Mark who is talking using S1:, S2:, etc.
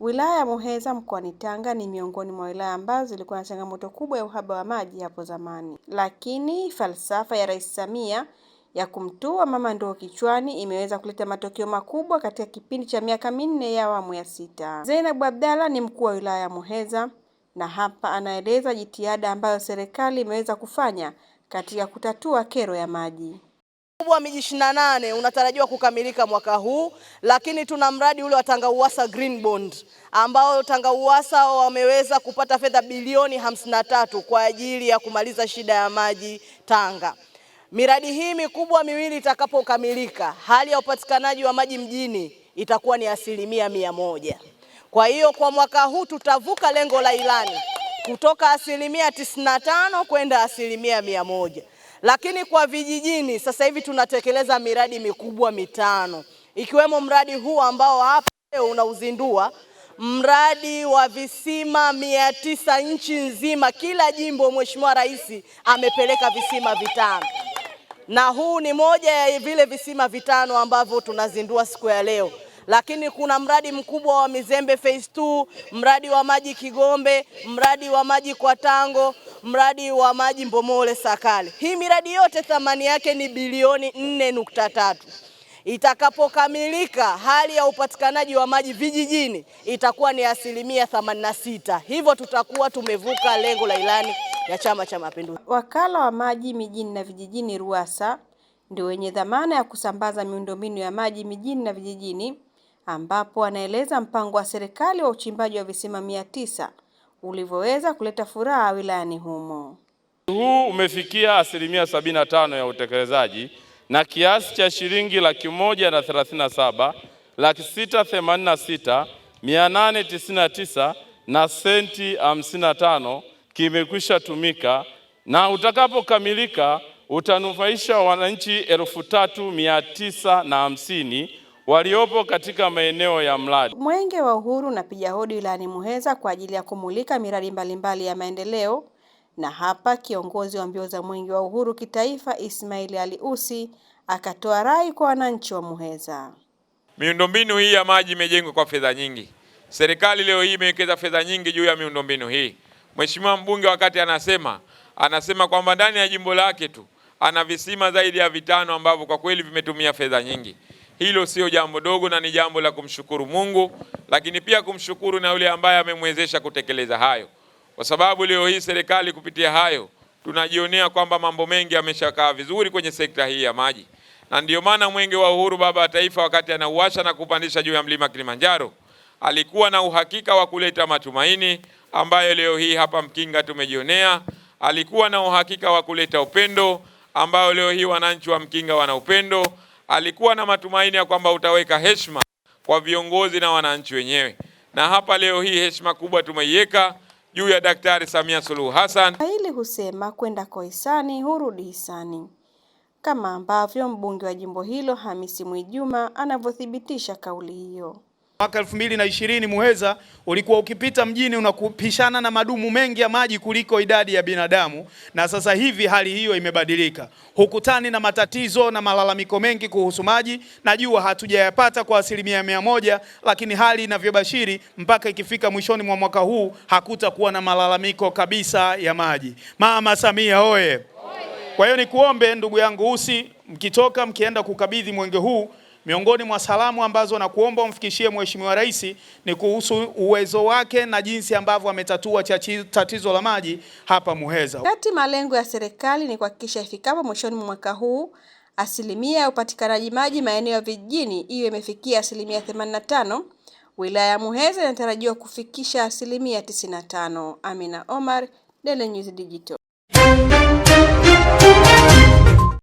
S1: Wilaya ya Muheza mkoani Tanga ni miongoni mwa wilaya ambazo zilikuwa na changamoto kubwa ya uhaba wa maji hapo zamani, lakini falsafa ya Rais Samia ya kumtua mama ndoo kichwani imeweza kuleta matokeo makubwa katika kipindi cha miaka minne ya awamu ya sita. Zainab Abdalla ni mkuu wa wilaya ya Muheza na hapa anaeleza jitihada ambayo serikali imeweza kufanya katika kutatua kero ya maji
S2: mkubwa wa miji ishirini nane unatarajiwa kukamilika mwaka huu, lakini tuna mradi ule wa Tanga Uwasa Green Bond ambao Tanga Uwasa wameweza kupata fedha bilioni hamsini tatu kwa ajili ya kumaliza shida ya maji Tanga. Miradi hii mikubwa miwili itakapokamilika, hali ya upatikanaji wa maji mjini itakuwa ni asilimia mia moja. Kwa hiyo kwa mwaka huu tutavuka lengo la ilani kutoka asilimia 95 kwenda asilimia mia moja. Lakini kwa vijijini sasa hivi tunatekeleza miradi mikubwa mitano ikiwemo mradi huu ambao hapa leo unauzindua mradi wa visima mia tisa nchi nzima, kila jimbo Mheshimiwa Rais amepeleka visima vitano, na huu ni moja ya vile visima vitano ambavyo tunazindua siku ya leo lakini kuna mradi mkubwa wa Mizembe phase 2, mradi wa maji Kigombe, mradi wa maji kwa Tango, mradi wa maji Mbomole Sakale. Hii miradi yote thamani yake ni bilioni 4.3. Itakapokamilika hali ya upatikanaji wa maji vijijini itakuwa ni asilimia 86, hivyo tutakuwa tumevuka lengo la ilani ya Chama cha Mapinduzi.
S1: Wakala wa maji mijini na vijijini RUWASA ndio wenye dhamana ya kusambaza miundombinu ya maji mijini na vijijini ambapo anaeleza mpango wa serikali wa uchimbaji wa visima mia tisa ulivyoweza kuleta furaha wilayani humo.
S3: Huu umefikia asilimia tano ya utekelezaji na kiasi cha shilingi laki moja na thelathini na saba laki sita themanini na sita mia nane tisini na tisa na senti hamsini na tano kimekwisha tumika na utakapokamilika utanufaisha wananchi elfu tatu mia tisa na hamsini waliopo katika maeneo ya mradi.
S1: Mwenge wa Uhuru unapiga hodi wilayani Muheza kwa ajili ya kumulika miradi mbalimbali mbali ya maendeleo, na hapa kiongozi wa mbio za Mwenge wa Uhuru kitaifa Ismail Ali usi akatoa rai kwa wananchi wa Muheza.
S4: Miundombinu hii ya maji imejengwa kwa fedha nyingi. Serikali leo hii imewekeza fedha nyingi juu ya miundombinu hii. Mheshimiwa mbunge wakati anasema anasema kwamba ndani ya jimbo lake tu ana visima zaidi ya vitano ambavyo kwa kweli vimetumia fedha nyingi. Hilo sio jambo dogo na ni jambo la kumshukuru Mungu, lakini pia kumshukuru na yule ambaye amemwezesha kutekeleza hayo, kwa sababu leo hii serikali kupitia hayo tunajionea kwamba mambo mengi yameshakaa vizuri kwenye sekta hii ya maji, na ndio maana mwenge wa uhuru baba wa taifa wakati anauasha na kupandisha juu ya mlima Kilimanjaro alikuwa na uhakika wa kuleta matumaini ambayo leo hii hapa Mkinga tumejionea. Alikuwa na uhakika wa kuleta upendo ambayo leo hii wananchi wa Mkinga wana upendo alikuwa na matumaini ya kwamba utaweka heshima kwa viongozi na wananchi wenyewe, na hapa leo hii heshima kubwa tumeiweka juu ya Daktari Samia Suluhu Hassan.
S1: Swahili husema kwenda kwa hisani hurudi hisani, kama ambavyo mbunge wa jimbo hilo Hamisi mwijuma anavyothibitisha kauli hiyo.
S5: Mwaka ishirini Muheza ulikuwa ukipita mjini unakupishana na madumu mengi ya maji kuliko idadi ya binadamu, na sasa hivi hali hiyo imebadilika. Hukutani na matatizo na malalamiko mengi kuhusu maji. Najua hatujayapata kwa asilimia mia moja, lakini hali inavyobashiri mpaka ikifika mwishoni mwa mwaka huu hakutakuwa na malalamiko kabisa ya maji. Mama Samia oye! Kwa hiyo nikuombe ndugu yangu Usi, mkitoka mkienda kukabidhi mwenge huu Miongoni mwa salamu ambazo nakuomba umfikishie Mheshimiwa Rais ni kuhusu uwezo wake na jinsi ambavyo ametatua tatizo la maji hapa Muheza.
S1: Kati malengo ya serikali ni kuhakikisha ifikapo mwishoni mwa mwaka huu asilimia ya upatikanaji maji maeneo ya vijijini iwe imefikia asilimia 85. Wilaya ya Muheza inatarajiwa kufikisha asilimia 95. Amina Omar, Daily News Digital.